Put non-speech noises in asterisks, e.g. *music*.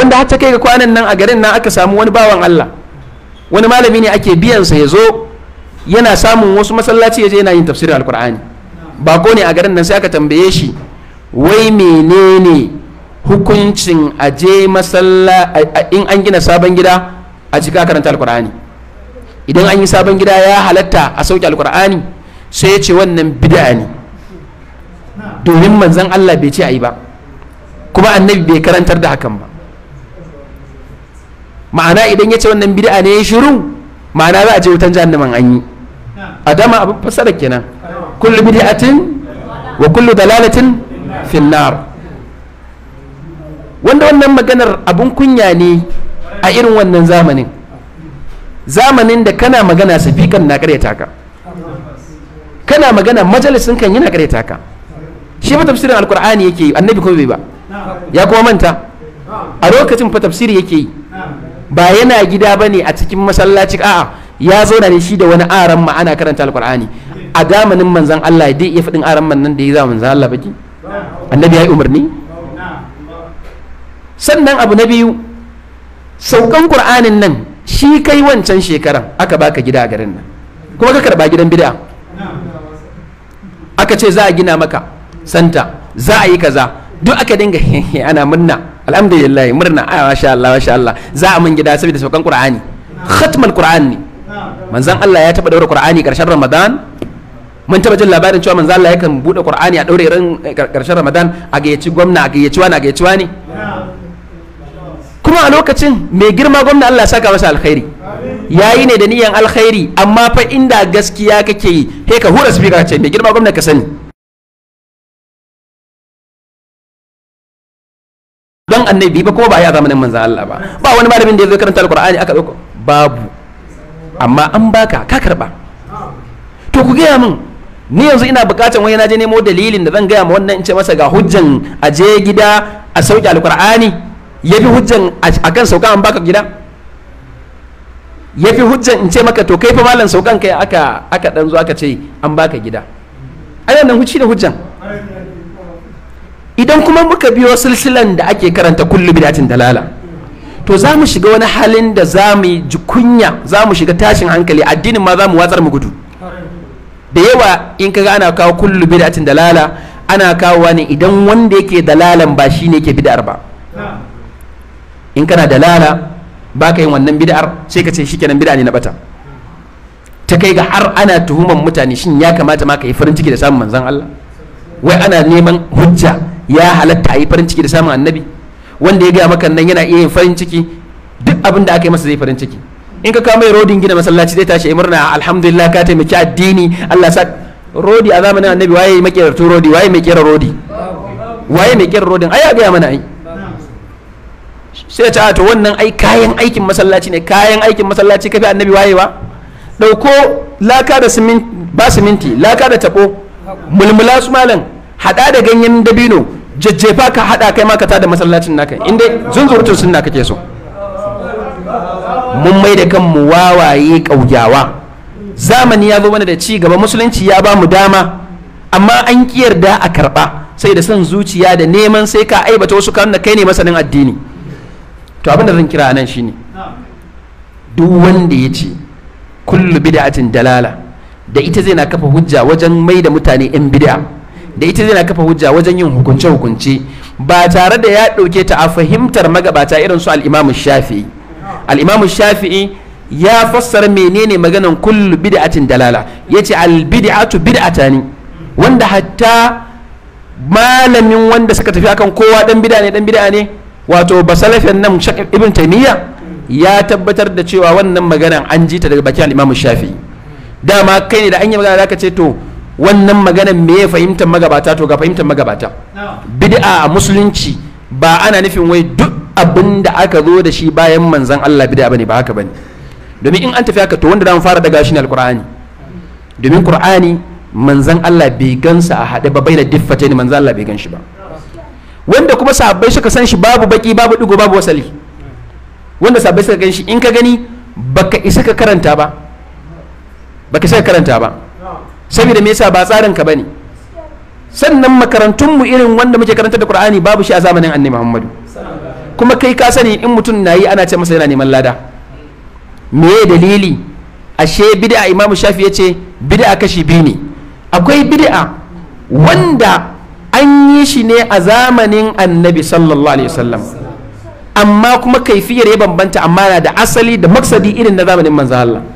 wanda har ta kai ga kwanan nan a garin nan aka samu wani bawan Allah wani malami ne ake biyan sa ya zo yana samun wasu masallaci yaje yana yin tafsirin alkur'ani ko ne a garin nan sai aka tambaye shi wai menene hukuncin a masalla in an gina sabon gida a cika karanta alqur'ani idan an yi sabon gida ya halatta a sauke alkur'ani sai ya ce wannan bid'a ne domin manzon Allah bai ce a yi ba kuma annabi bai karantar da hakan ba ma'ana idan ya ce wannan bid'a ne ya shiru ma'ana za a je wutan jahannaman an yi adama abin fasara kenan kullu bid'atin wa kullu dalalatin finnar wanda wannan maganar abun kunya ne a irin wannan zamanin zamanin da kana magana sifikan na karyata ka kana magana majalisin kan yana karyata ka shi fa tafsirin alkur'ani yake yi annabi kuma bai ba ya kuma manta a lokacin fa tafsiri yake yi ba yana gida ne a cikin masallaci a'a ya zauna ne shi da wani aran ma ana karanta alqur'ani a gamanin manzon Allah dai ya fadin aran man nan da ya zama manzon Allah baki annabi ya yi umarni sannan abu na biyu saukan qur'anin nan shi kai wancan shekaran aka baka gida a garin nan kuma ka karba gidan bid'a aka ce za a gina maka santa za a yi kaza duk aka dinga *laughs* ana munna. alhamdulillah murna a ah, masha Allah masha Allah za a mun gida saboda saukan qur'ani khatman qur'ani manzon Allah ya taba daura qur'ani karshen ramadan mun taba jin labarin cewa manzo Allah yakan bude Qur'ani a daure ran karshen eh, Ramadan a gayyaci gwamna a gayyaci wani a gayyaci wani kuma a lokacin mai girma gwamna Allah saka masa alkhairi yayi ne da niyan alkhairi amma fa inda gaskiya kake yi he ka hura speaker ce mai girma gwamna ka sani don annabi ba kuma ba ya zamanin manzan Allah ba ba wani malamin da ya zo karanta alqur'ani aka dauko babu amma an baka ka karba to ku gaya min ni yanzu ina bukatan wani na je nemo dalilin da zan gaya ma wannan in ce masa ga hujjan a je gida a sauke alkur'ani ya fi hujjan a kan sauka an baka gida ya fi hujjan in ce maka to kai fa malam saukan kai aka aka dan zo aka ce an baka gida ai nan huci da hujjan idan kuma muka biyo silsilan da ake karanta kullu bidatin dalala to za mu shiga wani halin da za mu ji kunya za mu shiga tashin hankali addinin ma za mu watsar mu gudu da yawa in kaga ana kawo kullu bidatin dalala ana kawo ne idan wanda yake dalalan ba shine yake bid'ar ba in kana dalala ba ka yin wannan bid'ar sai ka ce shikenan bid'a ne na bata ta kai ga har ana tuhuman mutane shin ya kamata ma ka yi farin ciki da samun manzon Allah wai ana neman hujja ya halatta a yi farin ciki da samun annabi wanda ya gaya maka nan yana iya yin farin ciki duk abin da aka yi masa zai farin ciki in ka kama rodin gina masallaci zai tashi murna alhamdulillah ka taimaki addini Allah sa rodi a zamanin annabi waye mai kera rodi waye mai kera rodi waye mai kera rodin ai ya gaya mana ai sai ta to wannan ai kayan aikin masallaci ne kayan aikin masallaci kafi annabi wayewa dauko laka da siminti ba siminti laka da tabo mulmula su malam hada da ganyen dabino jajjefa ka hada kai ma ka tada masallacin naka inda zunzurutun sunna kake so mun mai da kanmu wawaye kauyawa zamani ya zo mana da ci gaba musulunci ya ba mu dama amma an kiyarda a karba sai da son zuciya da neman sai ka aibata wasu kan kai ne masanin addini to abin da zan kira nan shine duk wanda ya ce kullu bid'atin dalala da ita zai na kafa hujja wajen mai da mutane 'yan bid'a da ita zai kafa hujja wajen yin hukunce hukunce ba tare da ya ɗauke ta a fahimtar magabata irin su al'imamu shafi'i al'imamu shafi'i ya fassara menene maganan kullu bid'atin dalala yace al bid'atu bid'atani wanda hatta malamin wanda suka tafi akan kowa dan bid'a ne dan bid'a ne wato basalafin nan ibn taymiya ya tabbatar da cewa wannan maganan an ji ta daga bakin al shafi'i dama kai ne da an yi magana zaka ce to wannan maganan me ya fahimtar magabata to ga fahimtar magabata bid'a a musulunci ba ana nufin wai duk abin da aka zo da shi bayan manzan Allah bid'a bane ba haka bane domin in an tafi haka to wanda zamu fara daga shi ne alqur'ani domin qur'ani manzan Allah bai gansa a hade ba baina ne manzan Allah bai ganshi ba wanda kuma sahabbai suka san shi babu baki babu digo babu wasali wanda sahabbai suka ganshi in ka gani baka isa ka karanta ba baka isa ka karanta ba saboda me yasa ba tsarin ka bane sannan makarantunmu irin wanda muke karanta da Qur'ani babu shi a zamanin Annabi Muhammadu kuma kai ka sani in mutum na yi ana ce masa yana neman lada me dalili ashe bid'a Imam Shafi yace bid'a kashi biyu ne akwai bid'a wanda an yi shi ne a zamanin Annabi sallallahu alaihi wasallam amma kuma kaifiyar ya bambanta amma na da asali da maksadi irin na zamanin manzo Allah